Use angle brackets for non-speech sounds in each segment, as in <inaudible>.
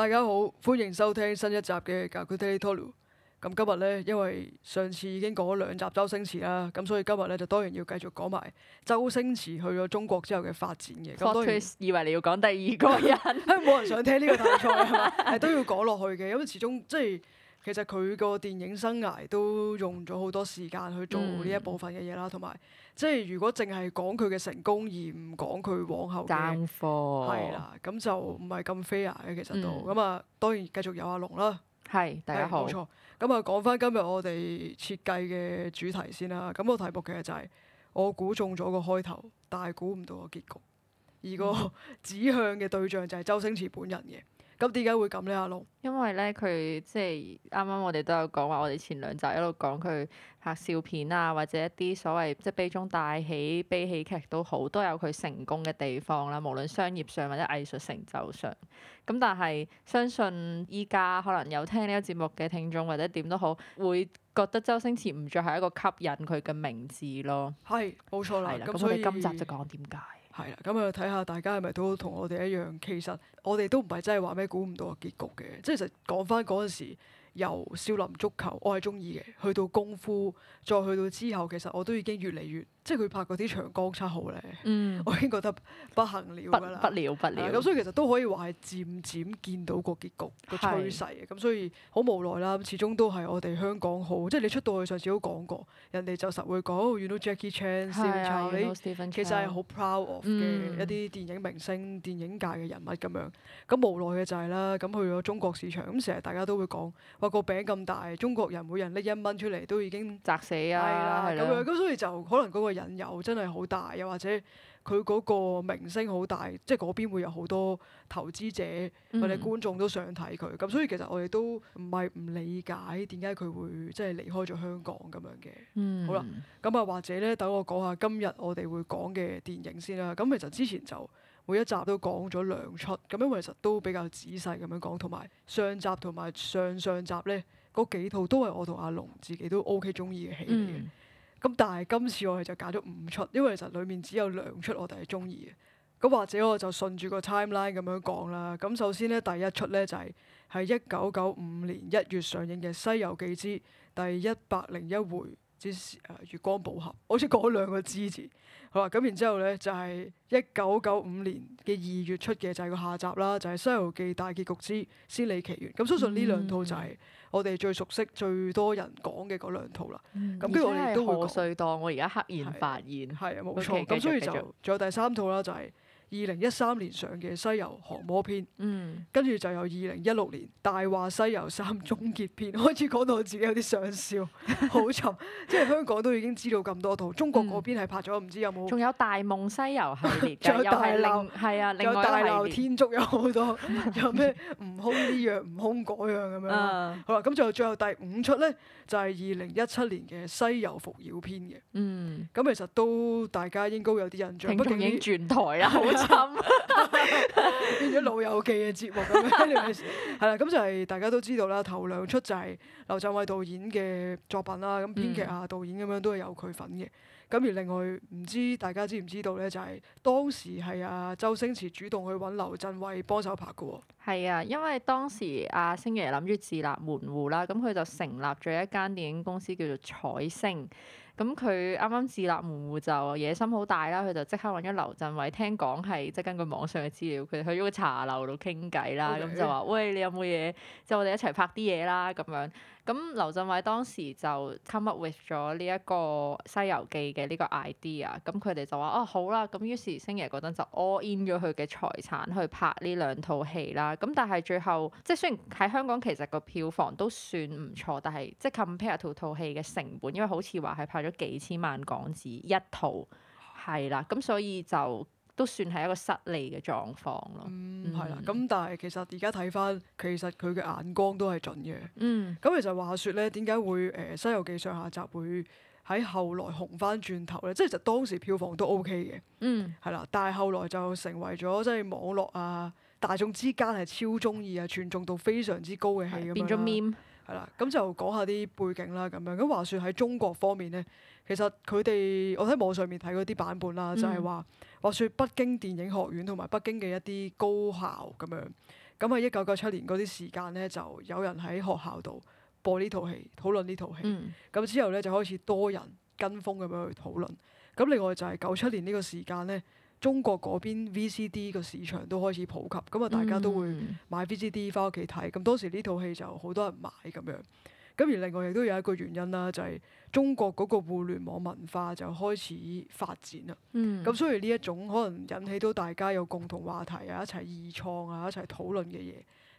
大家好，歡迎收聽新一集嘅《隔靴踢泥拖》，咁今日咧，因為上次已經講咗兩集周星馳啦，咁所以今日咧就當然要繼續講埋周星馳去咗中國之後嘅發展嘅。咁都 Fort 然以為你要講第二個人，冇 <laughs> 人想聽呢個題材係咪？係 <laughs> 都要講落去嘅，因為始終即係。其實佢個電影生涯都用咗好多時間去做呢一部分嘅嘢啦，同埋、嗯、即係如果淨係講佢嘅成功而唔講佢往後嘅情況，係啦和，咁就唔係咁 fair 嘅其實都，咁啊、嗯、當然繼續有阿龍啦，係大家好，冇錯。咁啊講返今日我哋設計嘅主題先啦。咁、那個題目其實就係、是、我估中咗個開頭，但係估唔到個結局。而個指向嘅對象就係周星馳本人嘅。咁點解會咁咧？阿龍，因為咧佢即係啱啱我哋都有講話，我哋前兩集一路講佢拍笑片啊，或者一啲所謂即係悲中帶喜、悲喜劇都好，都有佢成功嘅地方啦。無論商業上或者藝術成就上，咁但係相信依家可能有聽呢個節目嘅聽眾或者點都好，會覺得周星馳唔再係一個吸引佢嘅名字咯。係，冇錯啦。係啦，咁我哋今集就講點解。係啦，咁啊睇下大家係咪都同我哋一樣。其實我哋都唔係真係話咩估唔到嘅結局嘅。即係其實講翻嗰陣時。由少林足球，我係中意嘅，去到功夫，再去到之後，其實我都已經越嚟越，即係佢拍嗰啲長江七號咧，mm. 我已經覺得不，不行了，了，不不了。不了不了。咁、啊、所以其實都可以話係漸漸見到個結局個趨勢嘅，咁是、嗯、所以好無奈啦。始終都係我哋香港好，即係你出到去上次都講過，人哋就實會講，You know Jackie Chan、Stephen Chow 其實係好 proud of 嘅、mm. 一啲電影明星、電影界嘅人物咁樣。咁無奈嘅就係、是、啦，咁去咗中國市場，咁成日大家都會講。話個餅咁大，中國人每人拎一蚊出嚟都已經砸死啊！係啦，係啦。咁樣咁所以就可能嗰個引誘真係好大，又或者佢嗰個名聲好大，即係嗰邊會有好多投資者，我哋觀眾都想睇佢。咁、嗯、所以其實我哋都唔係唔理解點解佢會即係離開咗香港咁樣嘅。嗯、好啦，咁啊或者咧，等我講下今日我哋會講嘅電影先啦。咁其實之前就。每一集都講咗兩出，咁因為其實都比較仔細咁樣講，同埋上集同埋上上集呢，嗰幾套都係我同阿龍自己都 O K 中意嘅戲嚟嘅。咁、嗯、但係今次我哋就揀咗五出，因為其實裡面只有兩出我哋係中意嘅。咁或者我就順住個 timeline 咁樣講啦。咁首先呢，第一出呢就係係一九九五年一月上映嘅《西遊記之第一百零一回》。月光寶盒，我先講咗兩個支持。好啦，咁然之後呢，就係一九九五年嘅二月出嘅就係個下集啦，就係、是《西遊記》大結局之其《仙履奇緣》。咁相信呢兩套就係我哋最熟悉、最多人講嘅嗰兩套啦。咁跟住我哋都賀歲檔，我而家赫然發現，係啊冇錯。咁所以就仲續有第三套啦，就係、是。二零一三年上嘅《西遊降魔篇》，嗯，跟住就有二零一六年《大話西遊三》終結篇、嗯、開始講到，我自己有啲想笑，好 <laughs> 沉，即係香港都已經知道咁多套，中國嗰邊係拍咗唔知有冇？仲有嗯、有《大夢西遊》系 <laughs> 啊、系列，仲 <laughs> 有大鬧，係啊，仲有大鬧天竺有好多，有咩悟空呢樣、悟空嗰樣咁樣。嗯、好啦，咁最後最後第五出咧。就係二零一七年嘅《西遊伏妖篇》嘅，嗯，咁其實都大家應該有啲印象，畢竟轉台啦，好慘 <laughs> <laughs> 變咗老友記嘅節目咁樣，係啦， <laughs> 咁 <laughs> 就係大家都知道啦，頭兩出就係劉鎮偉導演嘅作品啦，咁編劇啊、導演咁樣都係有佢份嘅，咁、嗯、而另外唔知大家知唔知道咧，就係、是、當時係啊周星馳主動去揾劉鎮偉幫手拍嘅。係啊，因為當時阿星爺諗住自立門戶啦，咁佢就成立咗一間電影公司叫做彩星。咁佢啱啱自立門戶就野心好大啦，佢就即刻揾咗劉鎮偉。聽講係即根據網上嘅資料，佢哋去咗個茶樓度傾偈啦，咁 <laughs> 就話：喂，你有冇嘢？就我哋一齊拍啲嘢啦咁樣。咁劉鎮偉當時就 come up with 咗呢一個《西遊記》嘅呢個 idea。咁佢哋就話：哦，好啦。咁於是星爺嗰陣就 all in 咗佢嘅財產去拍呢兩套戲啦。咁但係最後，即係雖然喺香港其實個票房都算唔錯，但係即係 compare 到套戲嘅成本，因為好似話係拍咗幾千萬港紙一套，係啦，咁所以就都算係一個失利嘅狀況咯，係啦、嗯。咁、嗯、但係其實而家睇翻，其實佢嘅眼光都係準嘅。嗯。咁其實話説咧，點解會誒、呃《西遊記》上下集會喺後來紅翻轉頭咧？即係其實當時票房都 OK 嘅，嗯，係啦。但係後來就成為咗即係網絡啊。大眾之間係超中意啊，傳眾度非常之高嘅戲咁樣啦。變咗面係啦，咁就講下啲背景啦，咁樣，咁話説喺中國方面呢，其實佢哋我喺網上面睇嗰啲版本啦，嗯、就係話話説北京電影學院同埋北京嘅一啲高校咁樣，咁喺一九九七年嗰啲時間呢，就有人喺學校度播呢套戲，討論呢套戲。咁、嗯、之後呢，就開始多人跟風咁樣去討論。咁另外就係九七年呢個時間呢。中國嗰邊 VCD 個市場都開始普及，咁啊大家都會買 VCD 返屋企睇。咁當時呢套戲就好多人買咁樣。咁而另外亦都有一個原因啦，就係、是、中國嗰個互聯網文化就開始發展啦。咁、嗯、所以呢一種可能引起到大家有共同話題啊，一齊二創啊，一齊討論嘅嘢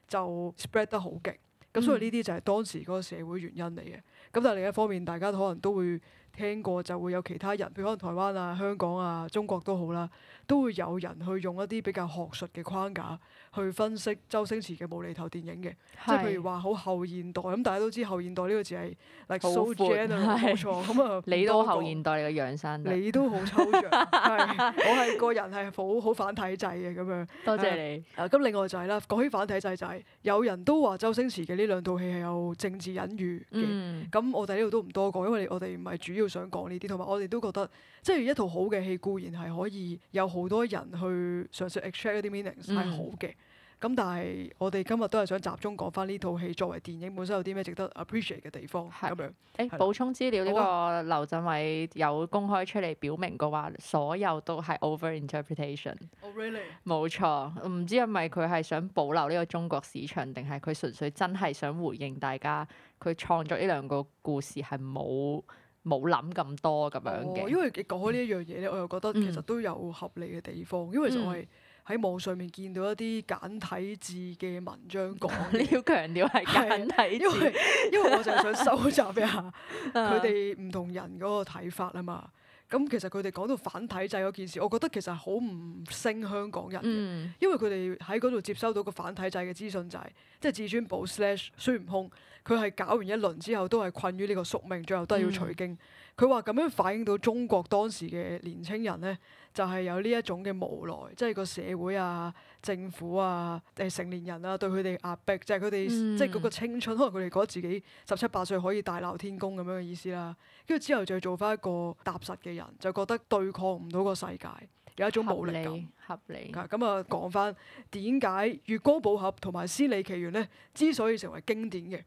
就 spread 得好勁。咁、嗯、所以呢啲就係當時嗰個社會原因嚟嘅。咁但係另一方面，大家可能都會，聽過就會有其他人，譬如可能台灣啊、香港啊、中國都好啦，都會有人去用一啲比較學術嘅框架去分析周星馳嘅無厘頭電影嘅，即係譬如話好後現代咁，大家都知後現代呢個字係好闊，so general，冇錯咁啊。你都後現代嘅樣，你都好抽象，我係個人係好好反體制嘅咁樣。多謝你。咁另外就係啦，講起反體制就係，有人都話周星馳嘅呢兩套戲係有政治隱喻嘅。咁我哋呢度都唔多講，因為我哋唔係主要。都想講呢啲，同埋我哋都覺得，即係一套好嘅戲固然係可以有好多人去嘗試 extract 一啲 meaning，係好嘅。咁、嗯、但係我哋今日都係想集中講翻呢套戲作為電影本身有啲咩值得 appreciate 嘅地方咁是樣。誒、欸，補是吧 充資料呢、這個劉鎮偉有公開出嚟表明過話，好啊、所有都係 over interpretation、oh, really?。冇錯，唔知係咪佢係想保留呢個中國市場，定係佢純粹真係想回應大家，佢創作呢兩個故事係冇。冇諗咁多咁樣嘅、哦，因為你講開呢一樣嘢咧，嗯、我又覺得其實都有合理嘅地方，嗯、因為其實我係喺網上面見到一啲簡體字嘅文章講，嗯、 <laughs> 你要強調係簡體因為 <laughs> 因為我就係想收集一下佢哋唔同人嗰個睇法啊嘛。咁其實佢哋講到反體制嗰件事，我覺得其實好唔勝香港人、嗯、因為佢哋喺嗰度接收到個反體制嘅資訊，就係即係至尊寶 slash 孫悟空。佢係搞完一輪之後，都係困於呢個宿命，最後都係要取經。佢話咁樣反映到中國當時嘅年輕人呢，就係有呢一種嘅無奈，即係個社會啊、政府啊、誒成年人啊對佢哋壓迫，即係佢哋即係嗰個青春，可能佢哋覺得自己十七八歲可以大鬧天宮咁樣嘅意思啦。跟住之後就做翻一個踏實嘅人，就覺得對抗唔到個世界，有一種無力感。啊咁啊講返點解《月光寶盒》同埋、嗯《仙履奇緣》咧之所以成為經典嘅，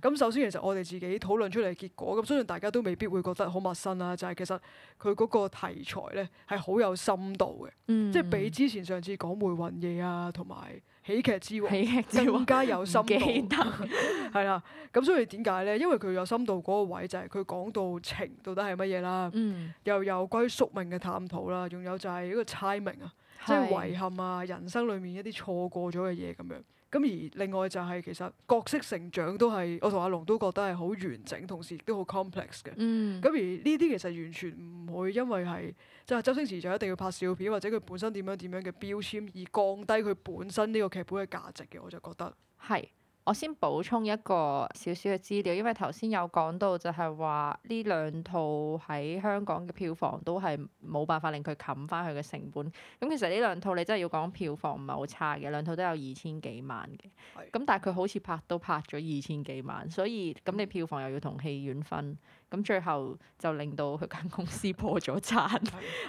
咁、嗯、首先其實我哋自己討論出嚟結果，咁相信大家都未必會覺得好陌生啦。就係、是、其實佢嗰個題材咧係好有深度嘅，嗯、即係比之前上次講、啊《回魂夜》啊同埋《喜劇之王》喜之，更加有深度。記係啦，咁 <laughs> <laughs> <laughs> 所以點解咧？因為佢有深度嗰個位就係佢講到情到底係乜嘢啦，嗯、又有關於宿命嘅探討啦，仲有就係一個猜名啊。即係遺憾啊，人生裡面一啲錯過咗嘅嘢咁樣，咁而另外就係其實角色成長都係我同阿龍都覺得係好完整，同時亦都好 complex 嘅。咁、嗯、而呢啲其實完全唔會因為係即係周星馳就一定要拍笑片或者佢本身點樣點樣嘅標籤而降低佢本身呢個劇本嘅價值嘅，我就覺得。係。我先補充一個少少嘅資料，因為頭先有講到就係話呢兩套喺香港嘅票房都係冇辦法令佢冚翻佢嘅成本。咁、嗯、其實呢兩套你真係要講票房唔係好差嘅，兩套都有二千幾萬嘅。咁的但係佢好似拍都拍咗二千幾萬，所以咁你票房又要同戲院分，咁最後就令到佢間公司破咗產，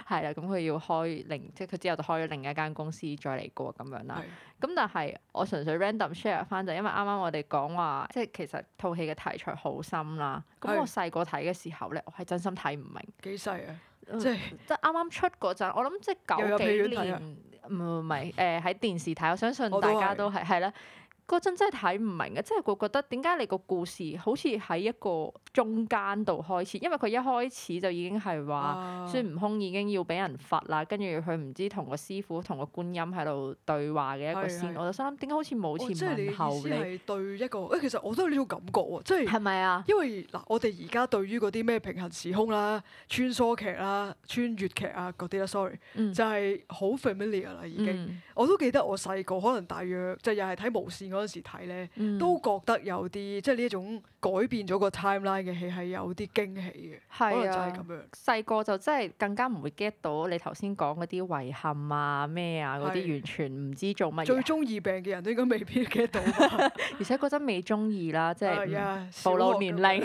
係啊的，咁佢、 <laughs> 嗯、要開另，即佢之後就開咗另一間公司再嚟過咁樣啦。咁但係我純粹 random share 翻就因為啱啱我哋講話，即係其實套戲嘅題材好深啦。咁我細個睇嘅時候咧，我係真心睇唔明。幾細啊？呃、即係即係啱啱出嗰陣，我諗即係九幾年，唔唔係誒喺電視睇，我相信大家都係係啦。嗰陣真係睇唔明嘅，即係我覺得點解你個故事好似喺一個中間度開始，因為佢一開始就已經係話孫悟空已經要俾人罰啦，啊、跟住佢唔知同個師傅同個觀音喺度對話嘅一個線，是是是我就心諗點解好似冇前文後理對一個，你其實我都係呢種感覺喎，即係係咪啊？因為嗱，我哋而家對於嗰啲咩平衡時空啦、穿梭劇啦、穿越劇啊嗰啲啦，sorry，就係好 familiar 啦已經，嗯、我都記得我細個可能大約就是、又係睇無線嗰時睇咧，嗯、都覺得有啲即係呢一種改變咗個 timeline 嘅戲係有啲驚喜嘅，是啊、可能就係咁樣。細個就真係更加唔會 get 到你頭先講嗰啲遺憾啊咩啊嗰啲，完全唔知做乜嘢。最中二病嘅人都應該未必 get 到， <laughs> 而且嗰陣未中二啦，即、就、係、是啊嗯、暴露年齡。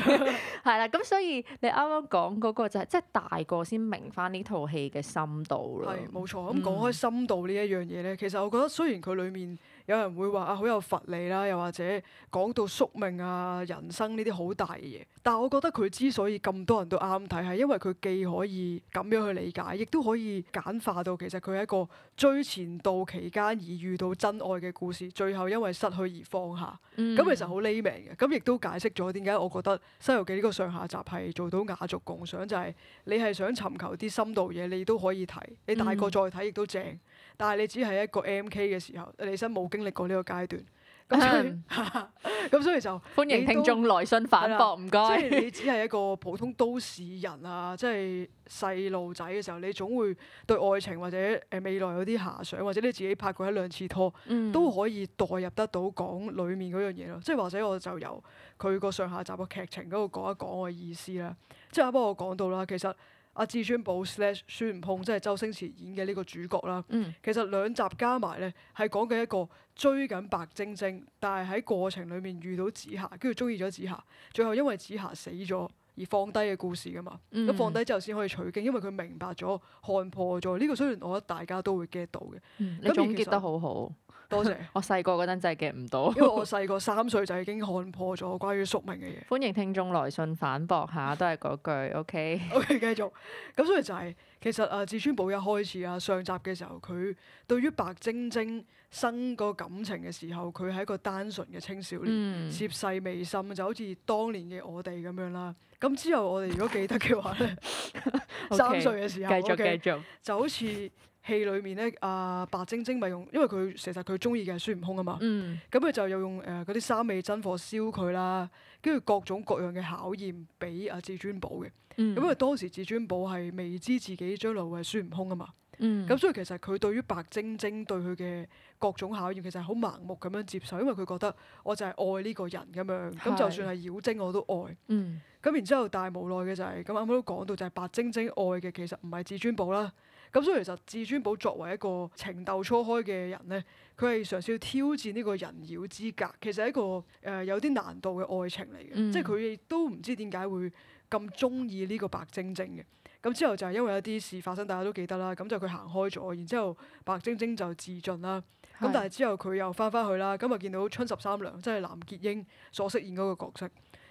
係啦，咁所以你啱啱講嗰個就係即係大個先明翻呢套戲嘅深度咯、啊。冇錯，咁講開深度呢一樣嘢咧，其實我覺得雖然佢裏面。有人會話啊，好有佛理啦，又或者講到宿命啊、人生呢啲好大嘅嘢。但係我覺得佢之所以咁多人都啱睇，係因為佢既可以咁樣去理解，亦都可以簡化到其實佢係一個追前度期間而遇到真愛嘅故事，最後因為失去而放下。咁、嗯、其實好 lame 嘅，咁亦都解釋咗點解我覺得《西遊記》呢個上下集係做到雅俗共賞，就係、是、你係想尋求啲深度嘢，你都可以睇，你大個再睇亦都正。嗯但係你只係一個 M K 嘅時候，你生冇經歷過呢個階段，咁所、嗯、 <laughs> 所以就歡迎聽眾，都眾來信反駁，唔該吧。你只係一個普通都市人啊，即係細路仔嘅時候，你總會對愛情或者誒未來有啲遐想，或者你自己拍過一兩次拖，嗯，都可以代入得到講裡面嗰樣嘢咯。即係或者我就由佢個上下集嘅劇情嗰度講一講我嘅意思啦。即係阿波我講到啦，其實。阿至、啊、尊寶/孫悟空即係周星馳演嘅呢個主角啦。嗯、其實兩集加埋咧，係講緊一個追緊白晶晶，但係喺過程裡面遇到紫霞，跟住中意咗紫霞，最後因為紫霞死咗而放低嘅故事噶嘛。咁、嗯、放低之後先可以取經，因為佢明白咗、看破咗呢、這個呢個。雖然我覺得大家都會 get 到嘅。你總結得好好。多謝。 <laughs> 我細個嗰陣真係記唔到，因為我細個三歲就已經看破咗關於宿命嘅嘢。歡迎聽眾來信反駁下，都係嗰句。OK。OK，繼續。咁所以就係、是、其實啊，至尊寶一開始啊，上集嘅時候，佢對於白晶晶生個感情嘅時候，佢係一個單純嘅青少年，嗯、涉世未深，就好似當年嘅我哋咁樣啦。咁之後我哋如果記得嘅話咧， <laughs> <laughs> 三歲嘅時候，繼續、okay, 繼續，okay, 繼續就好似。戲裏面咧，阿、啊、白晶晶咪用，因為佢其實佢中意嘅係孫悟空啊嘛，咁佢、嗯、就又用誒嗰啲三昧真火燒佢啦，跟住各種各樣嘅考驗俾阿至尊寶嘅，因為、嗯、當時至尊寶係未知自己將來會係孫悟空啊嘛。咁、嗯、所以其實佢對於白晶晶對佢嘅各種考驗，其實係好盲目咁樣接受，因為佢覺得我就係愛呢個人咁樣，咁是就算係妖精我都愛。咁、嗯、然之後，但係無奈嘅就係、是，咁啱啱都講到就係白晶晶愛嘅其實唔係至尊寶啦。咁所以其實至尊寶作為一個情竇初開嘅人呢，佢係嘗試挑戰呢個人妖之隔，其實係一個誒、呃、有啲難度嘅愛情嚟嘅，即係佢亦都唔知點解會咁中意呢個白晶晶嘅。咁之後就係因為一啲事發生，大家都記得啦。咁就佢行開咗，然之後白晶晶就自盡啦。咁是但係之後佢又翻返去啦。咁啊見到春十三娘，即係藍潔瑛所飾演嗰個角色。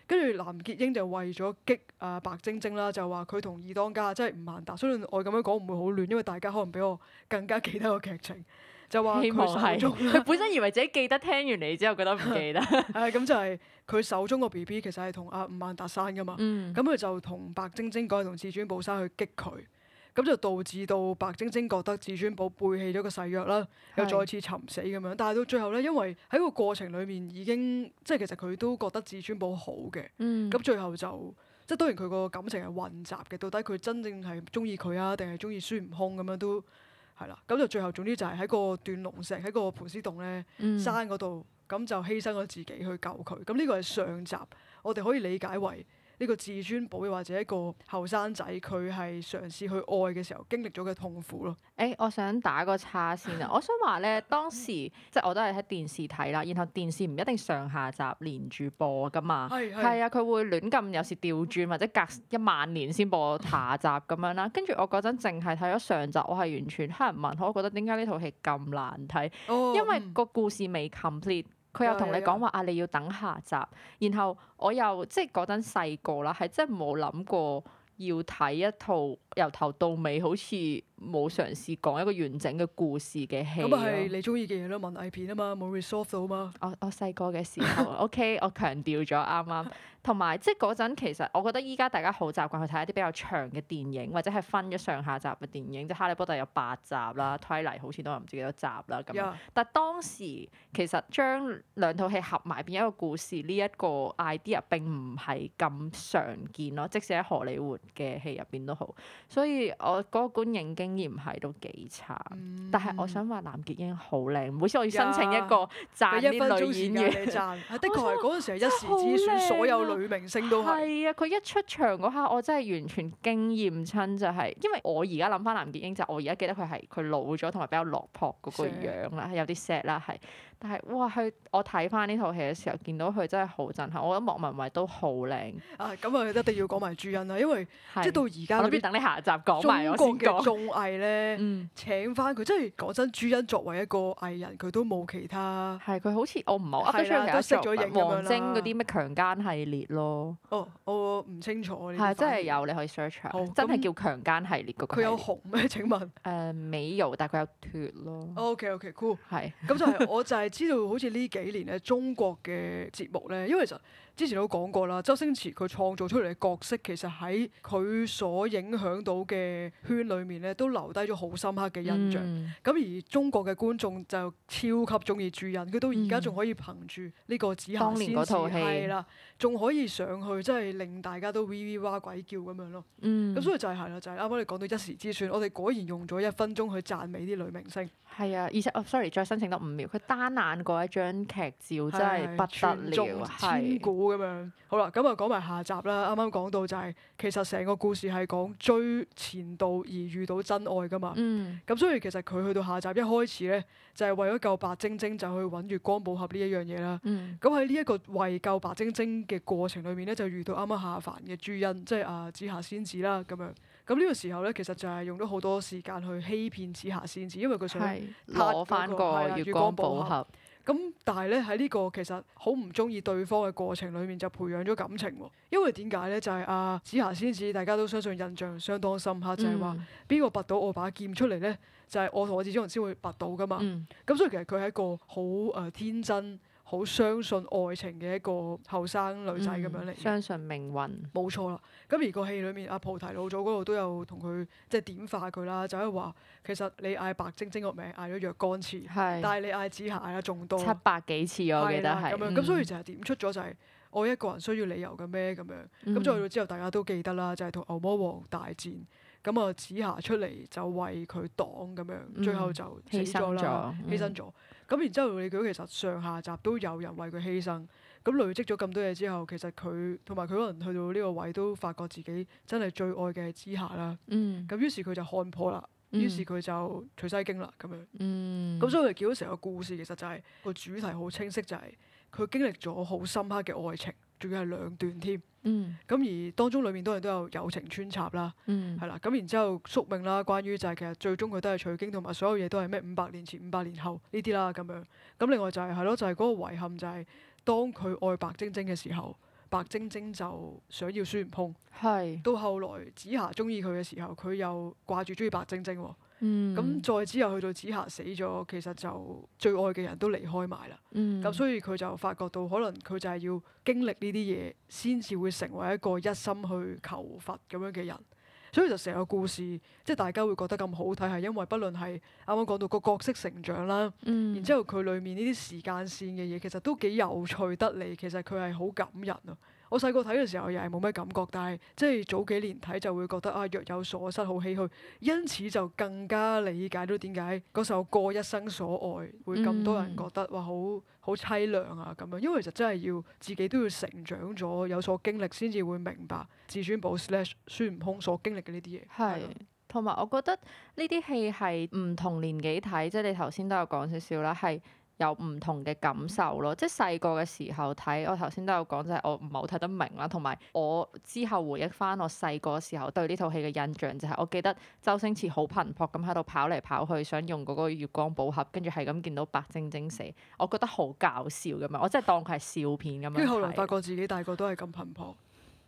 跟住藍潔瑛就為咗激啊白晶晶啦，就話佢同二當家即係吳孟達。雖然我咁樣講唔會好亂，因為大家可能比我更加記得個劇情。就話佢本身以為自己記得，聽完你之後覺得唔記得。 <laughs> 係咁就係、是、佢手中個 B B 其實係同阿吳萬達生噶嘛。咁佢、嗯、就同白晶晶講同至尊寶生去激佢，咁就導致到白晶晶覺得至尊寶背棄咗個誓約啦，又再次尋死咁樣。是的 但係到最後咧，因為喺個過程裡面已經即係其實佢都覺得至尊寶好嘅。咁、嗯、最後就即係當然佢個感情係混雜嘅。到底佢真正係中意佢啊，定係中意孫悟空咁樣都？係啦，咁就最後總之就係喺個斷龍石喺個盤絲洞咧山嗰度，咁就犧牲咗自己去救佢。咁呢個係上集，我哋可以理解為。呢個至尊寶，或者一個後生仔，佢係嘗試去愛嘅時候經歷咗嘅痛苦咯。誒、欸，我想打個叉先啊！ <laughs> 我想話咧，當時即係我都係喺電視睇啦，然後電視唔一定上下集連住播噶嘛。係是啊，佢會亂咁有時調轉或者隔一萬年先播下集咁樣啦。跟住 <laughs> 我嗰陣淨係睇咗上集，我係完全黑人問號，我覺得點解呢套戲咁難睇？Oh, 嗯、因為個故事未 complete。佢又同你講話啊！你要等下集，然後我又即係嗰陣細個啦，係真係冇諗過要睇一套由頭到尾，好似～冇嘗試講一個完整嘅故事嘅戲咁啊，係你中意嘅嘢咯，文藝片啊嘛，冇 resolution 嘛。我我細個嘅時候 <laughs> ，OK，我強調咗啱啱，同埋即係嗰陣其實我覺得依家大家好習慣去睇一啲比較長嘅電影，或者係分咗上下集嘅電影，即係《哈利波特》有八集啦，《推嚟好似都有唔知幾多集啦咁樣。Yeah. 但當時其實將兩套戲合埋變一個故事呢一個 idea 並唔係咁常見咯，即使喺荷里活嘅戲入邊都好。所以我嗰個觀影經經驗係都幾差，嗯、但係我想話藍潔瑛好靚。每次我要申請一個讚呢 Yeah, 女演員，的確係嗰陣時係一時之選，啊、所有女明星都係。係啊，佢一出場嗰刻，我真係完全驚豔親，就是，就係因為我而家諗翻藍潔瑛，就是，我而家記得佢係佢老咗同埋比較落魄嗰個樣啦，啊、有啲 sad 啦，係。但係哇！佢我睇翻呢套戲嘅時候，見到佢真係好震撼。我覺得莫文蔚都好靚。啊咁啊，一定要講埋朱茵啦，因為即係到而家，我等你下集講埋我先講。中國嘅綜藝咧，請翻佢，即係講真，朱茵作為一個藝人，佢都冇其他。係佢好似我唔係，update 咗出嚟，識咗影晶王晶嗰啲咩強姦系列咯？哦，我唔清楚呢啲。真係有，你可以 search 下，真係叫強姦系列。佢有紅咩？請問？誒，美容，但佢有脱咯。OK，OK，Cool。係咁就我就係。知道好似呢幾年咧，中國嘅節目咧，因為其實之前都講過啦，周星馳佢創造出嚟嘅角色，其實喺佢所影響到嘅圈裡面咧，都留低咗好深刻嘅印象。咁、嗯、而中國嘅觀眾就超級中意朱茵，佢到而家仲可以憑住呢個紫《紫霞仙子》係啦，仲可以上去，即係令大家都微微哇鬼叫咁樣咯。嗯，咁所以就係啦，就係啱啱你講到一時之選，我哋果然用咗一分鐘去讚美啲女明星。係啊，而且哦，sorry，再申請多五秒。佢單眼嗰一張劇照的真係不得了，千古咁樣。的好啦，咁啊講埋下集啦。啱啱講到就係、是、其實成個故事係講追前度而遇到真愛噶嘛。咁、嗯、所以其實佢去到下集一開始咧，就係、是、為咗救白晶晶就去揾月光寶盒呢一樣嘢啦。咁喺呢一個為救白晶晶嘅過程裏面咧，就遇到啱啱下凡嘅朱茵，即、就、係、是、啊紫霞仙子啦咁樣。咁呢個時候咧，其實就係用咗好多時間去欺騙紫霞仙子，因為佢想攞翻個月光寶盒。咁但係咧喺呢個其實好唔中意對方嘅過程裡面，就培養咗感情喎。因為點解咧？就係、是、啊，紫霞仙子大家都相信印象相當深刻，嗯、就係話邊個拔到我把劍出嚟咧？就係、是、我同我至尊人先會拔到㗎嘛。咁、嗯、所以其實佢係一個好誒、呃、天真。好相信愛情嘅一個後生女仔咁樣嚟，相信命運，冇錯啦。咁而個戲裏面，阿菩提老祖嗰度都有同佢即係點化佢啦，就係話其實你嗌白晶晶個名嗌咗若干次，是但係你嗌紫霞嗌咗仲多七百幾次，我記得係咁樣。咁、嗯、所以就係點出咗就係、是、愛一個人需要理由嘅咩咁樣。咁再去到之後大家都記得啦，就係、是、同牛魔王大戰咁啊，紫霞出嚟就為佢擋咁樣，最後就死咗啦，犧牲咗、嗯。咁然之後，你見到其實上下集都有人為佢犧牲，咁累積咗咁多嘢之後，其實佢同埋佢可能去到呢個位都發覺自己真係最愛嘅之下啦。咁、嗯、於是佢就看破啦，於是佢就取西經啦，咁樣，咁、嗯、所以我哋見到成個故事其實就係、是、個主題好清晰，就係、是、佢經歷咗好深刻嘅愛情。仲要係兩段添，咁、嗯、而當中裏面當然都有友情穿插啦，係啦、嗯，咁然之後宿命啦，關於就係其實最終佢都係取經同埋所有嘢都係咩五百年前、五百年後呢啲啦咁樣，咁、嗯、另外就係係咯，就係、是、嗰個遺憾就係當佢愛白晶晶嘅時候，白晶晶就想要孫悟空，是到後來紫霞中意佢嘅時候，佢又掛住中意白晶晶喎。咁、嗯、再之後去到紫霞死咗，其實就最愛嘅人都離開埋啦。咁、嗯、所以佢就發覺到，可能佢就係要經歷呢啲嘢，先至會成為一個一心去求佛咁樣嘅人。所以就成個故事，即係大家會覺得咁好睇，係因為不論係啱啱講到個角色成長啦，嗯、然之後佢裡面呢啲時間線嘅嘢，其實都幾有趣得嚟。其實佢係好感人啊。我細個睇嘅時候又係冇咩感覺，但係即係早幾年睇就會覺得啊，若有所失好唏噓，因此就更加理解到點解嗰首歌《一生所愛》會咁多人覺得哇、嗯、好好淒涼啊咁樣，因為其實真係要自己都要成長咗，有所經歷先至會明白至尊寶 slash 孫悟空所經歷嘅呢啲嘢。係，同埋我覺得呢啲戲係唔同年紀睇，即係你頭先都有講少少啦，係。有唔同嘅感受咯，即係細個嘅時候睇，我頭先都有講，就係我唔係好睇得明啦。同埋我之後回憶返我細個時候對呢套戲嘅印象，就係、是、我記得周星馳好頻撲咁喺度跑嚟跑去，想用嗰個月光寶盒，跟住係咁見到白晶晶死，我覺得好搞笑咁樣，我真係當佢係笑片咁樣睇。跟住後來發覺自己大個都係咁頻撲，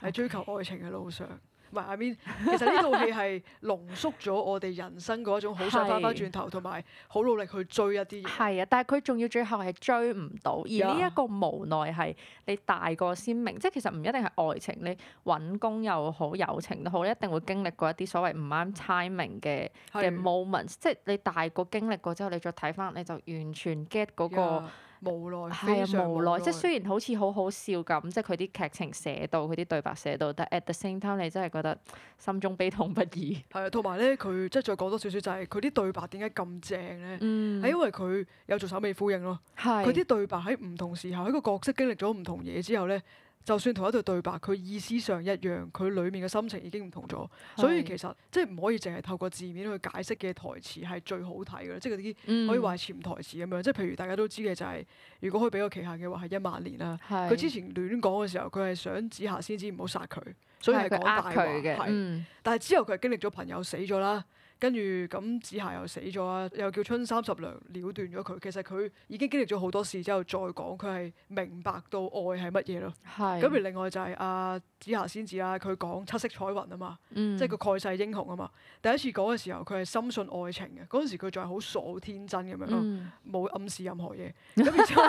喺追求愛情嘅路上。Okay. 同埋 I mean, <laughs> 其實呢套戲係濃縮咗我哋人生嗰種好想翻返轉頭，同埋好努力去追一啲嘢。係啊，但係佢仲要最後係追唔到，而呢一個無奈係你大個先明，Yeah. 即係其實唔一定係愛情，你揾工又好，友情都好，一定會經歷過一啲所謂唔啱 timing 嘅嘅 moment。即係你大個經歷過之後，你再睇翻，你就完全 get 嗰、嗰個。Yeah. 無奈，係啊，無奈，即係 <music> 雖然好似好好笑咁，即係佢啲劇情寫到，佢啲對白寫到，但 at the same time 你真係覺得心中悲痛不已。係啊 <laughs> 同埋咧，佢即係再講多少少就係佢啲對白點解咁正咧？係、嗯、因為佢有做首尾呼應咯。係是，佢啲對白喺唔同時候，喺個角色經歷咗唔同嘢之後咧。就算同一對對白，佢意思上一樣，佢裡面嘅心情已經唔同咗。是所以其實即係唔可以淨係透過字面去解釋嘅台詞係最好睇嘅，即係嗰啲可以話係潛台詞咁樣。即係譬如大家都知嘅就係、是，如果可以俾個期限嘅話係一萬年啦。佢是之前亂講嘅時候，佢係想紫霞仙子唔好殺佢，所以係講大話嘅。但係之後佢係經歷咗朋友死咗啦。跟住咁，紫霞又死咗啊！又叫春三十娘了斷咗佢。其實佢已經經歷咗好多事之後再講，佢係明白到愛係乜嘢咯。係。咁而另外就係阿紫霞仙子啦，佢、啊、講七色彩雲啊嘛，即係、um, 個蓋世英雄啊嘛。第一次講嘅時候，佢係深信愛情嘅。嗰陣時佢仲係好傻、好天真咁樣咯，冇、um, 暗示任何嘢。咁然之後，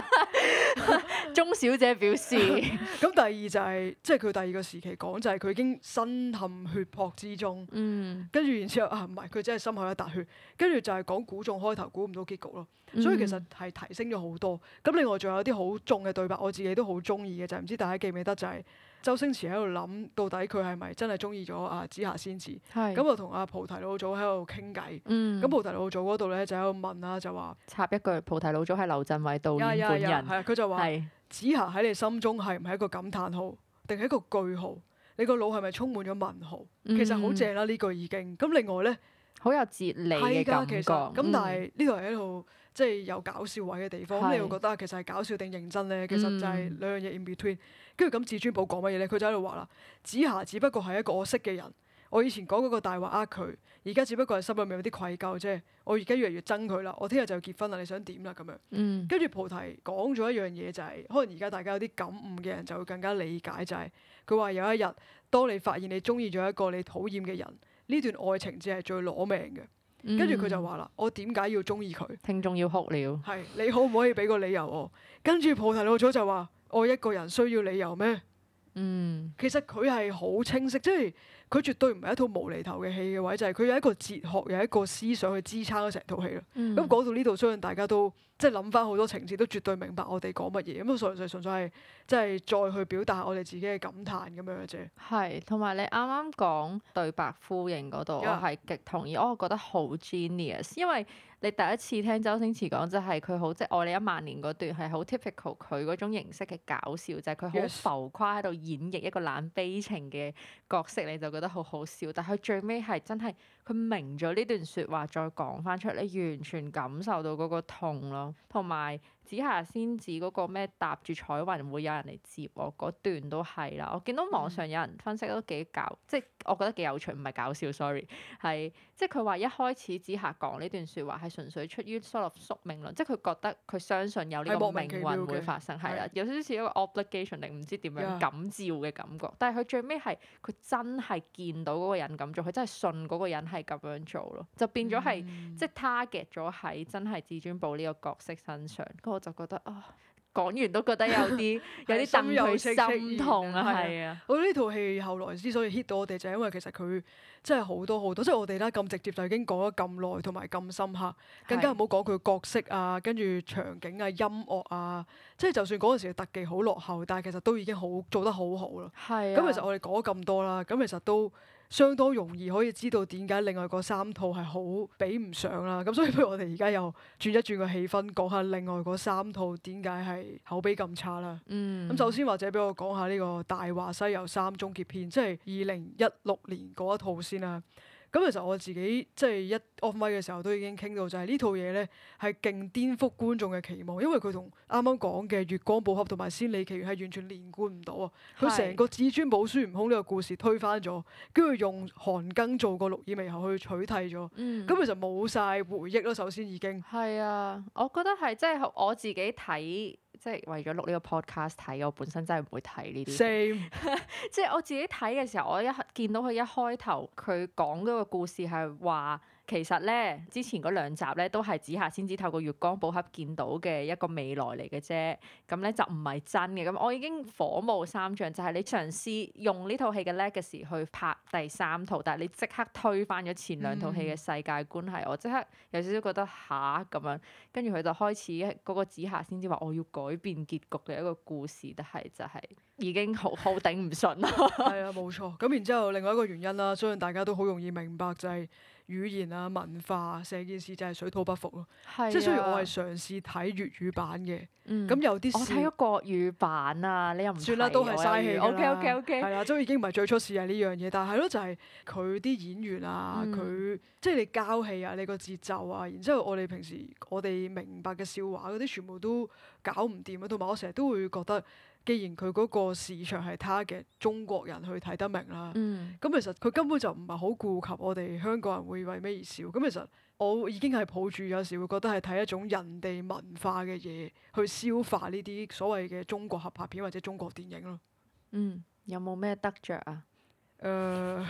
鍾小姐表示。咁第二就係即係佢第二個時期講，就係佢已經身陷血泊之中。嗯。跟住然之後啊，唔係。佢真係心口一啖血，跟住就係講，估中開頭估唔到結局咯，所以其實係提升咗好多。咁另外仲有啲好重嘅對白，我自己都好中意嘅，就係、是、唔知大家記唔記得？就係、是、周星馳喺度諗到底佢係咪真係中意咗阿紫霞仙子，咁就同阿菩提老祖喺度傾偈。咁菩、嗯、提老祖嗰度咧就喺度問啦，就話插一句，菩提老祖係劉鎮偉導演本人。係啊、yeah yeah, yeah, yeah.，佢就話：紫霞喺你心中係唔係一個感嘆號，定係一個句號？你個腦係咪充滿咗問號？嗯、其實好正啦，呢句已經。咁另外咧。好有哲理嘅感覺，咁、嗯、但係呢度係一套即係有搞笑位嘅地方。咁是你會覺得其實係搞笑定認真咧？其實就係兩樣嘢 in between。跟住咁，至尊寶講乜嘢咧？佢就喺度話啦：紫霞只不過係一個我識嘅人，我以前講嗰個大話呃佢，而家只不過係心入面有啲愧疚啫。我而家越嚟越憎佢啦，我聽日就要結婚啦，你想點啦？咁樣。跟住、嗯、菩提講咗一樣嘢、就係，就係可能而家大家有啲感悟嘅人就會更加理解就係，佢話有一日，當你發現你中意咗一個你，你討厭嘅人。呢段愛情只係最攞命嘅，跟住佢就話啦：我點解要中意佢？聽眾要哭了。係，你可唔可以俾個理由我？跟住菩提老祖就話：愛一個人需要理由咩？嗯，其實佢係好清晰，即係。佢絕對唔係一套無厘頭嘅戲嘅話，就係、是、佢有一個哲學，有一個思想去支撐咗成套戲啦。咁、嗯、講到呢度，相信大家都即係諗翻好多情節，都絕對明白我哋講乜嘢。咁啊，純粹純粹係即係再去表達我哋自己嘅感嘆咁樣嘅啫。係，同埋你啱啱講對白呼應嗰度，Yeah. 我係極同意。我覺得好 genius，因為你第一次聽周星馳講就係佢好即係愛你一萬年嗰段係好 typical 佢嗰種形式嘅搞笑，就係佢好浮誇喺度演繹一個懶悲情嘅角色，你就。覺得好好笑，但佢最尾係真係。佢明咗呢段說話再講翻出嚟，你完全感受到嗰個痛咯，同埋紫霞仙子嗰個咩踏住彩雲會有人嚟接我嗰段都係啦。我見到網上有人分析都幾搞，嗯、即係我覺得幾有趣，唔係搞笑，sorry，係即係佢話一開始紫霞講呢段說話係純粹出於 sort of 宿命論，即係佢覺得佢相信有呢個命運會發生，係啦是，的有少少似一個 obligation 定唔知點樣感召嘅感覺，的但係佢最尾係佢真係見到嗰個人咁做，佢真係信嗰個人係。係咁樣做咯，就變咗係即係 target 咗喺真係至尊寶呢個角色身上，咁、嗯、我就覺得啊，講、哦、完都覺得有啲 <laughs> 有啲心，心有心痛啊，係啊！我呢套戲後來之所以 hit 到我哋，就係、因為其實佢真係好多好多，即、就、係、是、我哋啦，咁直接就已經講咗咁耐，同埋咁深刻，更加唔好講佢角色啊，跟住場景啊、音樂啊，即、就、係、是、就算嗰陣時嘅特技好落後，但係其實都已經好做得好好啦。係咁，其實我哋講咗咁多啦，咁其實都。相當容易可以知道點解另外嗰三套係好比唔上啦，咁所以不如我哋而家又轉一轉個氣氛，講下另外嗰三套點解係口碑咁差啦。咁、嗯、首先或者俾我講下呢個大《大話西遊三》終結篇，即係二零一六年嗰一套先啦、啊。咁其實我自己即係一開咪嘅時候都已經傾到就，就係呢套嘢咧係勁顛覆觀眾嘅期望，因為佢同啱啱講嘅《月光寶盒》同埋《仙履奇緣》係完全連貫唔到啊！佢成個至尊寶孫悟空呢個故事推翻咗，跟住用韓庚做個六耳獼猴去取替咗，咁、mm. 其實冇晒回憶咯。首先已經係啊，我覺得係即係我自己睇。即係為咗錄呢個 podcast 睇，我本身真係唔會睇呢啲。Same. <laughs> 即係我自己睇嘅時候，我一見到佢一開頭，佢講嗰個故事係話。其實咧，之前嗰兩集咧都係紫霞仙子透過月光寶盒見到嘅一個未來嚟嘅啫，咁咧就唔係真嘅。咁我已經火冒三丈，就係、是、你嘗試用呢套戲嘅 legacy 去拍第三套，但係你即刻推翻咗前兩套戲嘅世界觀，係、嗯、我即刻有少少覺得嚇咁樣。跟住佢就開始嗰個紫霞仙子話我要改變結局嘅一個故事，但係就係、是、已經好好頂唔順。係啊，冇錯。咁然之後，另外一個原因啦，相信大家都好容易明白就係、是。語言啊，文化啊，成件事就係水土不服咯。即係、啊、雖然我係嘗試睇粵語版嘅，咁、嗯、有啲我睇咗國語版啊，你又唔算啦，都係嘥氣。OK OK OK，係啦、啊，都已經唔係最初試係呢樣嘢，但係咯就係佢啲演員啊，佢、嗯、即係你交戲啊，你個節奏啊，然之後我哋平時我哋明白嘅笑話嗰啲，全部都搞唔掂啊，同埋我成日都會覺得。既然佢嗰個市場係他嘅中國人去睇得明啦，咁、嗯、其實佢根本就唔係好顧及我哋香港人會為咩而笑。咁其實我已經係抱住有時會覺得係睇一種人哋文化嘅嘢去消化呢啲所謂嘅中國合拍片或者中國電影咯、嗯。有冇咩得着啊？呃、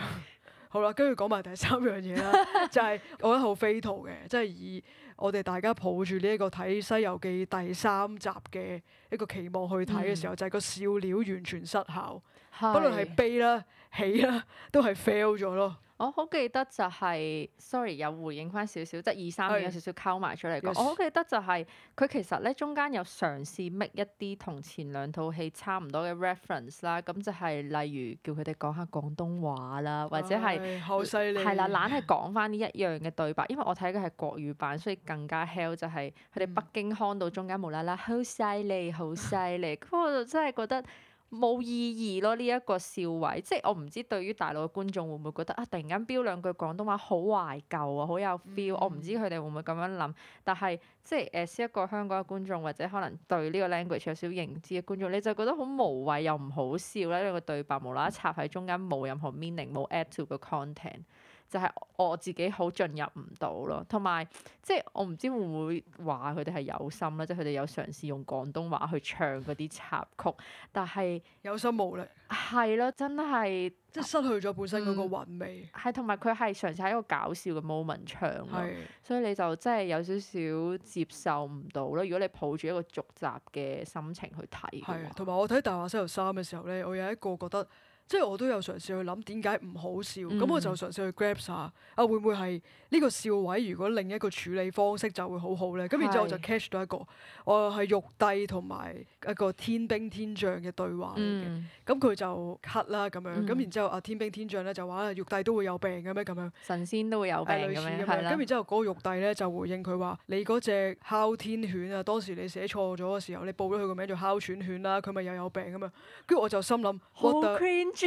好啦，跟住講埋第三樣嘢啦， <laughs> 就係我覺得好 fatal 嘅，即、就、係、以。我哋大家抱住呢一個睇《西遊記》第三集嘅一個期望去睇嘅時候，嗯、就係個笑料完全失效，是不論係悲啦、喜啦，都係 fail 咗咯。我好記得就係，sorry 有回應翻少少，即係二三年有少少溝埋出嚟。我好記得就係佢其實咧中間有嘗試 make 一啲同前兩套戲差唔多嘅 reference 啦。咁就係例如叫佢哋講下廣東話啦，或者係好犀利，係啦，懶係講翻啲一樣嘅對白。因為我睇嘅係國語版，所以更加 hell 就係佢哋北京腔到中間無啦啦，好犀利，好犀利。咁我就真係覺得。冇意義咯，呢、這、一個笑位，即係我唔知對於大陸嘅觀眾會唔會覺得啊，突然間飆兩句廣東話好懷舊啊，好有 feel、嗯。我唔知佢哋會唔會咁樣諗，但係即係誒，識一個香港嘅觀眾或者可能對呢個 language 有少少認知嘅觀眾，你就覺得好無謂又唔好笑咧，呢、這個對白無啦啦插喺中間，冇任何 meaning，冇 add to 個 content。就係我自己好進入唔到咯，同埋即係我唔知會唔會話佢哋係有心啦，即係佢哋有嘗試用廣東話去唱嗰啲插曲，但係有心無力係咯，真係即係失去咗本身嗰個韻味。係同埋佢係嘗試喺一個搞笑嘅 moment 唱咯，是所以你就真係有少少接受唔到咯。如果你抱住一個續集嘅心情去睇，係同埋我睇《大話西遊三》嘅時候咧，我有一個覺得。即係我都有嘗試去諗點解唔好笑，咁我就嘗試去 grab 下，啊會唔會係呢個笑位？如果另一個處理方式就會好好咧。咁然之後我就 catch 到一個，我係玉帝同埋一個天兵天將嘅對話嚟嘅。咁佢就咳啦咁樣，咁然之後啊天兵天將咧就話，玉帝都會有病嘅咩？咁樣神仙都會有病咁樣。係啦。咁然之後嗰個玉帝咧就回應佢話，你嗰隻哮天犬啊，當時你寫錯咗嘅時候，你報咗佢個名叫哮喘犬啦，佢咪又有病咁啊？跟住我就心諗，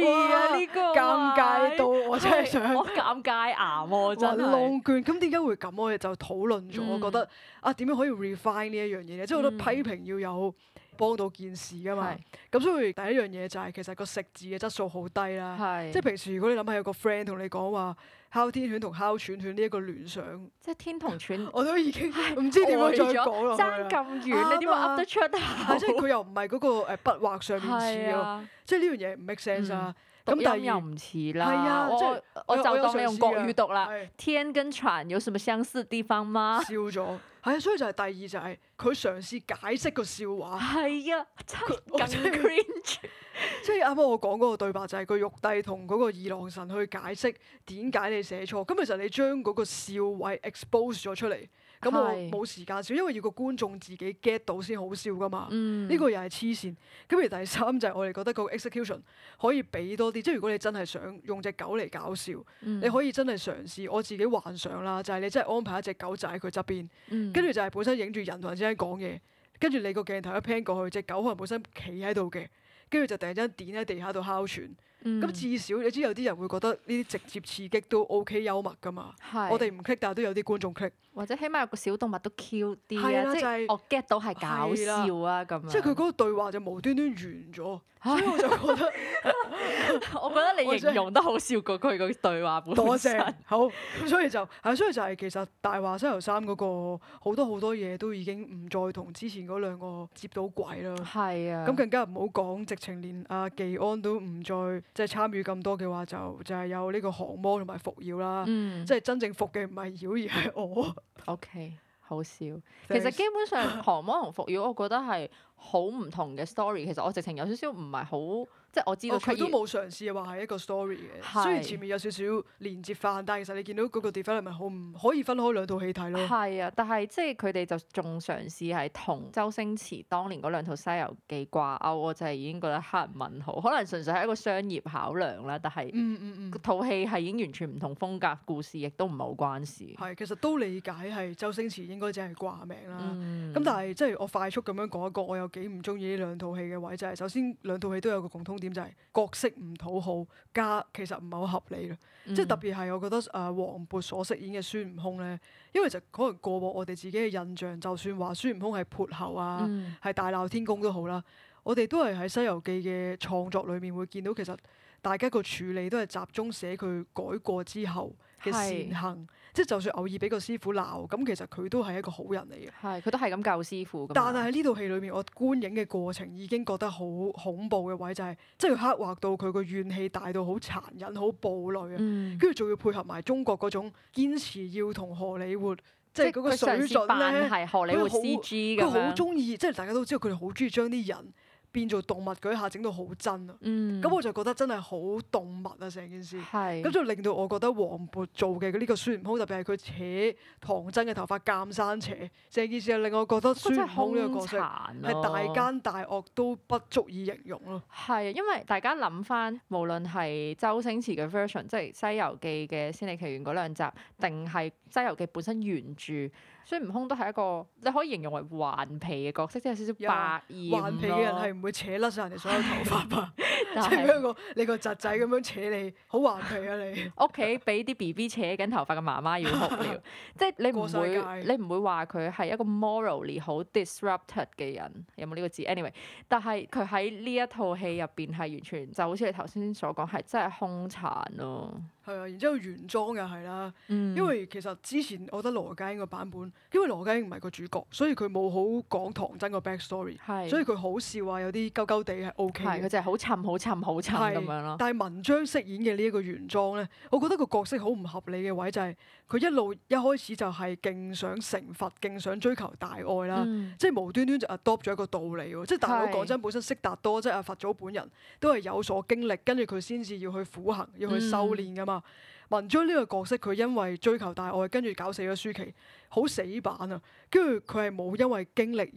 知啊呢個尷尬到，我真係想尷尬癌喎，真係揾窿捐。咁點解會咁？我哋就討論咗，嗯、我覺得啊點樣可以 refine 呢一樣嘢？嗯、即係我覺得批評要有幫到件事㗎嘛。咁是所以第一樣嘢就係、是、其實個食字嘅質素好低啦。是即係平時如果你諗下，有個 friend 同你講話。哮天犬同哮喘犬呢一個聯想，即係天同犬，我都已經唔知點樣再講啦。爭咁遠，你點會噏得出下？所以佢又唔係嗰個誒筆畫上面似咯，即係呢樣嘢唔 make sense 啊。啦。讀又唔似啦，係啊！我我就當你用國語讀啦。天跟喘有什麼相似地方嗎？笑咗，係啊！所以就係第二就係佢嘗試解釋個笑話，係啊，更 green 啱啱我講嗰個對白就係、是、個玉帝同嗰個二郎神去解釋點解你寫錯，咁其實你將嗰個笑位 expose 咗出嚟，咁我冇時間笑，因為要個觀眾自己 get 到先好笑噶嘛。呢、嗯、個又係黐線。咁而第三就係、是、我哋覺得個 execution 可以俾多啲，即係如果你真係想用隻狗嚟搞笑，嗯、你可以真係嘗試。我自己幻想啦，就係、是、你真係安排一隻狗仔喺佢側邊，跟住就係本身影住人同人之間講嘢，跟住你個鏡頭一 pan 過去，隻狗可能本身企喺度嘅。跟住就突然間點喺地下度哮喘。咁至少你知有啲人會覺得呢啲直接刺激都 OK 幽默㗎嘛，我哋唔 click 但係都有啲觀眾 click，或者起碼有個小動物都 cute 啲，係啦，即係我 get 到係搞笑啊咁樣，即係佢嗰個對話就無端端完咗，所以我就覺得我覺得你形容得好笑過佢啲對話本身。多謝，好，所以就係，所以就係其實《大話西遊三》嗰個好多好多嘢都已經唔再同之前嗰兩個接到軌啦，係啊，咁更加唔好講，直情連阿技安都唔再。即係參與咁多嘅話，就就係有呢個降魔同埋伏妖啦。嗯、即係真正伏嘅唔係妖而係我。OK，好笑。 <laughs> Thanks 其實基本上降魔同伏妖，我覺得係好唔同嘅 story。其實我直情有少少唔係好。即我知道佢都冇嘗試話係一個 story 嘅，是雖然前面有少少連接翻，但係其實你見到嗰個 definition 係咪好唔可以分開兩套戲睇咯。係啊，但係即係佢哋就仲嘗試係同周星馳當年嗰兩套西遊記掛鈎，我就係已經覺得黑人問號，可能純粹係一個商業考量啦。但係嗯嗯嗯，套戲係已經完全唔同風格，故事亦都唔係好關事。係其實都理解係周星馳應該只係掛名啦。咁、嗯、但係即係我快速咁樣講一個我有幾唔中意呢兩套戲嘅位，就係、是、首先兩套戲都有個共通點就係角色唔討好，加其實唔係好合理咯，即係、嗯、特別係我覺得誒黃、呃、渤所飾演嘅孫悟空咧，因為就可能過往我哋自己嘅印象，就算話孫悟空係潑猴啊，係、嗯、大鬧天宮都好啦，我哋都係喺《西遊記》嘅創作裏面會見到，其實大家個處理都係集中寫佢改過之後嘅善行。即係就算偶爾俾個師傅鬧，咁其實佢都係一個好人嚟嘅。係，佢都係咁教師傅。但係喺呢套戲裏面，我觀影嘅過程已經覺得好恐怖嘅位就係、是，即係佢刻畫到佢個怨氣大到好殘忍、好暴戾啊。跟住仲要配合埋中國嗰種堅持要同荷里活，就是、即係是嗰個水準咧。係荷里活 CG 佢好中意，即係樣、就是、大家都知道佢哋好中意將啲人。變做動物，嗰一下整到好真啊！咁、嗯、我就覺得真係好動物啊，成件事。咁是就令到我覺得黃渤做嘅呢、呢個孫悟空，特別係佢扯唐僧嘅頭髮監生扯，成件事係令我覺得孫悟空呢個角色係、嗯、大奸大惡都不足以形容咯。係，因為大家諗翻，無論係周星馳嘅 version，即係《西遊記》嘅《仙履奇緣》嗰兩集，定係《西遊記》本身原著。孫悟空都係一個你可以形容為頑皮嘅角色，即係少少白癡。Yeah, 頑皮嘅人係唔會扯甩晒人哋所有頭髮吧？即係咁樣你個侄仔咁樣扯你，好頑皮啊！你屋企俾啲 B B 扯緊頭髮嘅媽媽要哭了， <laughs> <laughs> 即係你唔會你唔會話佢係一個 morally 好 disrupted 嘅人，有冇呢個字？Anyway，但係佢喺呢一套戲入邊係完全就好似你頭先所講，係真係兇殘咯。係啊，然之後原裝又係啦，嗯、因為其實之前我覺得羅家英個版本，因為羅家英唔係個主角，所以佢冇好講唐僧個 backstory，是所以佢好笑啊，有啲鳩鳩地係 OK，佢就係好沉、好沉、好沉咁樣咯。但係文章飾演嘅呢一個原裝咧，我覺得個角色好唔合理嘅位就係、是、佢一路一開始就係勁想成佛、勁想追求大愛啦，嗯、即係無端端就 adopt 咗一個道理喎，即係大佬講真，本身悉達多即係阿佛祖本人都係有所經歷，跟住佢先至要去苦行、要去修煉噶嘛。嗯文章呢個角色，佢因為追求大愛，跟住搞死咗舒淇，好死板啊！跟住佢係冇因為經歷而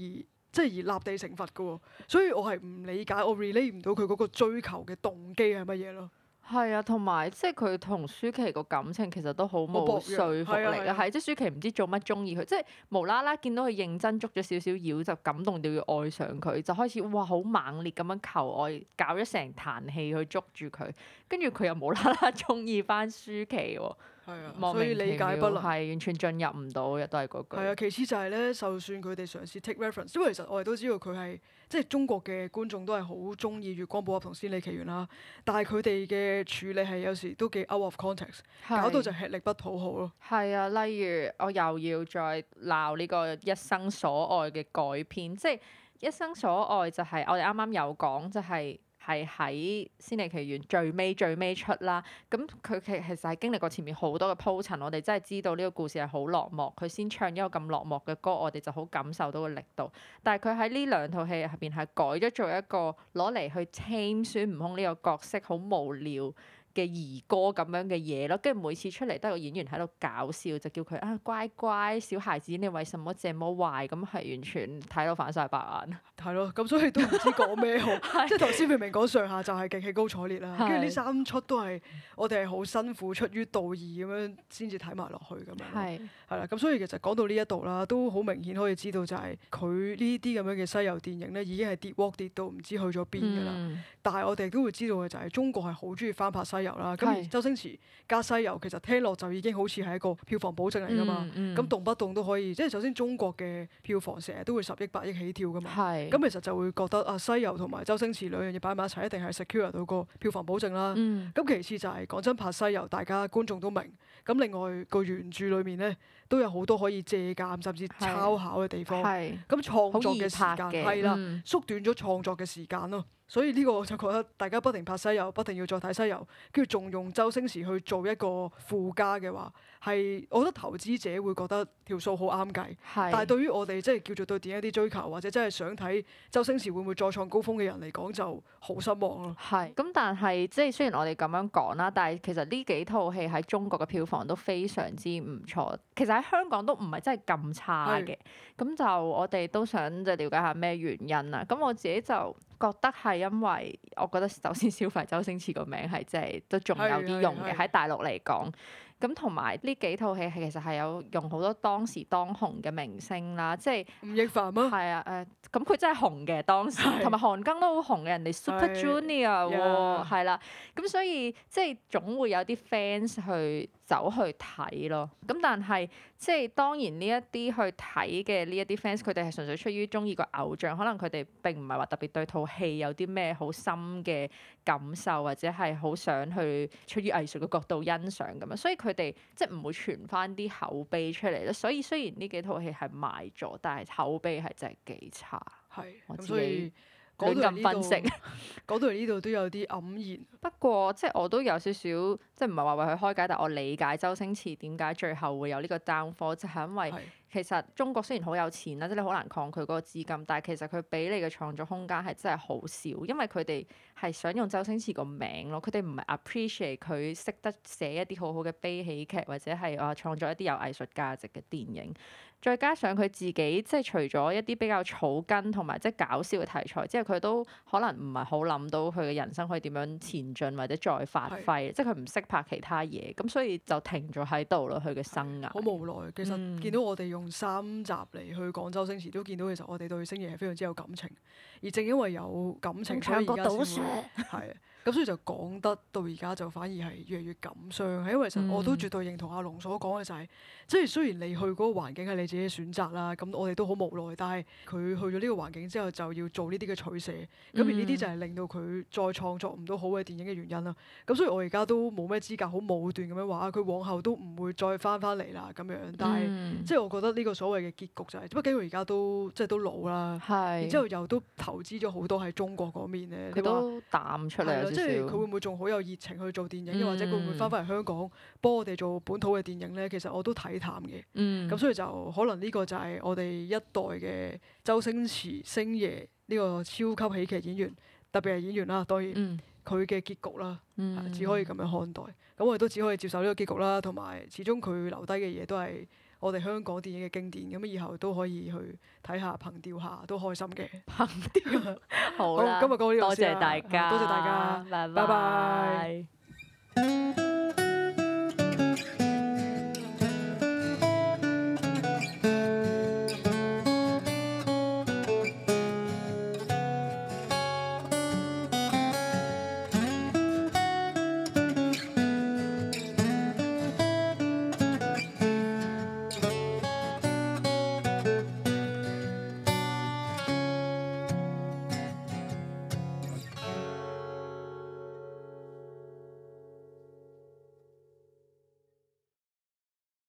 即係而立地成佛嘅，所以我係唔理解，我 relate 唔到佢嗰個追求嘅動機係乜嘢咯。係啊，同埋即係佢同舒淇個感情其實都好冇説服力啊，係即舒淇唔知做乜中意佢，即係無啦啦見到佢認真捉咗少少妖就感動到要愛上佢，就開始哇好猛烈咁樣求愛，搞咗成壇戲去捉住佢，跟住佢又無啦啦中意翻舒淇喎。 <laughs> 係啊，所以理解不了係完全進入唔到嘅，日都係嗰句。係啊，其次就係咧，就算佢哋嘗試 take reference，因為其實我哋都知道佢係即係中國嘅觀眾都係好中意《月光寶盒》同《仙履奇緣》啦，但係佢哋嘅處理係有時都幾 out of context，的搞到就吃力不討好咯。係啊，例如我又要再鬧呢個《一生所愛》嘅改編，即係《一生所愛》就係我哋啱啱有講就係。係喺《仙履奇緣》最尾最尾出啦，咁佢其其實係經歷過前面好多嘅鋪陳，我哋真係知道呢個故事係好落寞，佢先唱一個咁落寞嘅歌，我哋就好感受到個力度。但係佢喺呢兩套戲入邊係改咗做一個攞嚟去 tame 孫悟空呢個角色，好無聊。嘅兒歌咁樣嘅嘢咯，跟住每次出嚟都係個演員喺度搞笑，就叫佢啊乖乖，小孩子你為什麼這麼壞？咁係完全睇到反晒白眼。係咯，咁所以都唔知講咩好。即係頭先明明講上下就係極氣高彩烈啦，跟住呢三出都係我哋係好辛苦，出於道義咁樣先至睇埋落去咁樣。係係啦，咁所以其實講到呢一度啦，都好明顯可以知道就係佢呢啲咁樣嘅西遊電影咧，已經係跌 w 跌到唔知去咗邊㗎啦。嗯、但係我哋都會知道嘅就係中國係好中意翻拍西。遊啦，咁周星馳加西遊，其實聽落就已經好似係一個票房保證嚟噶嘛。咁、嗯嗯、動不動都可以，即係首先中國嘅票房成日都會十億、八億起跳噶嘛。咁、嗯、其實就會覺得啊，西遊同埋周星馳兩樣嘢擺埋一齊，一定係 secure 到個票房保證啦。咁、嗯、其次就係、是、講真拍西遊，大家觀眾都明。咁另外個原著裏面咧，都有好多可以借鑒甚至抄考嘅地方，咁創的作嘅時間係啦，縮短咗創作嘅時間咯。所以呢個我就覺得大家不停拍西遊，不停要再睇西遊，跟住仲用周星馳去做一個附加嘅話，係我覺得投資者會覺得條數好啱計，的但係對於我哋即係叫做對電影啲追求或者真係想睇周星馳會唔會再創高峰嘅人嚟講就好失望咯。係，咁，但係即係雖然我哋咁樣講啦，但係其實呢幾套戲喺中國嘅票房都非常之唔錯。其實。香港都唔係真係咁差嘅，咁是就我哋都想就了解下咩原因啦、啊。咁我自己就覺得係因為，我覺得首先消費周星馳個名係真係都仲有啲用嘅喺是大陸嚟講。咁同埋呢幾套戲係其實係有用好多當時當紅嘅明星啦，即係吳亦凡啊，係啊，誒、嗯，咁佢真係紅嘅當時，同埋是韓庚都好紅嘅人哋 Super Junior 喎，係啦，咁所以即係、就是、總會有啲 fans 去。走去睇咯，咁但係即係當然呢一啲去睇嘅呢一啲 fans，佢哋係純粹出於中意個偶像，可能佢哋並唔係話特別對套戲有啲咩好深嘅感受，或者係好想去出於藝術嘅角度欣賞咁樣，所以佢哋即係唔會傳翻啲口碑出嚟咯。所以雖然呢幾套戲係賣咗，但係口碑係真係幾差。係，我自己。亂咁分析，講到嚟呢度都有啲黯然。 <laughs> 不過即係我都有少少，即係唔係話為佢開解，但我理解周星馳點解最後會有呢個 downfall，就係因為是其實中國雖然好有錢啦，即你好難抗拒個資金，但係其實佢俾你嘅創作空間係真係好少，因為佢哋係想用周星馳個名咯，佢哋唔係 appreciate 佢識得寫一啲好好嘅悲喜劇，或者係啊創作一啲有藝術價值嘅電影。再加上佢自己即係除咗一啲比較草根同埋即係搞笑嘅題材之外，佢都可能唔係好諗到佢嘅人生可以點樣前進或者再發揮，是即係佢唔識拍其他嘢，咁所以就停咗喺度咯。佢嘅生涯好無奈。其實見到我哋用三集嚟去講周星馳、嗯、都見到其實我哋對星爺係非常之有感情，而正因為有感情，中中所以而家先會 <laughs> 咁所以就講得到而家就反而係越嚟越感傷，係因為其實我都絕對認同阿龍所講嘅就係，即係雖然你去嗰個環境係你自己嘅選擇啦，咁我哋都好無奈，但係佢去咗呢個環境之後就要做呢啲嘅取捨，咁而呢啲就係令到佢再創作唔到好嘅電影嘅原因啦。咁所以我而家都冇咩資格好武斷咁樣話佢往後都唔會再返返嚟啦咁樣，嗯、但係即係我覺得呢個所謂嘅結局就係、是，畢竟佢而家都即係都老啦，然是之後又都投資咗好多喺中國嗰邊咧，佢都淡出嚟。即係佢會唔會仲好有熱情去做電影，又或者佢會唔會翻返嚟香港幫我哋做本土嘅電影呢？其實我都睇淡嘅。咁、嗯、所以就可能呢個就係我哋一代嘅周星馳星爺呢個超級喜劇演員，特別係演員啦。當然佢嘅結局啦，嗯、只可以咁樣看待。咁我哋都只可以接受呢個結局啦。同埋始終佢留低嘅嘢都係我哋香港電影嘅經典，咁啊以後都可以去睇下，憑吊下都開心嘅。憑吊 <laughs> 好， <laughs> 好今日講呢個先，多謝大家，說多謝大家，大家拜拜。拜拜 <laughs>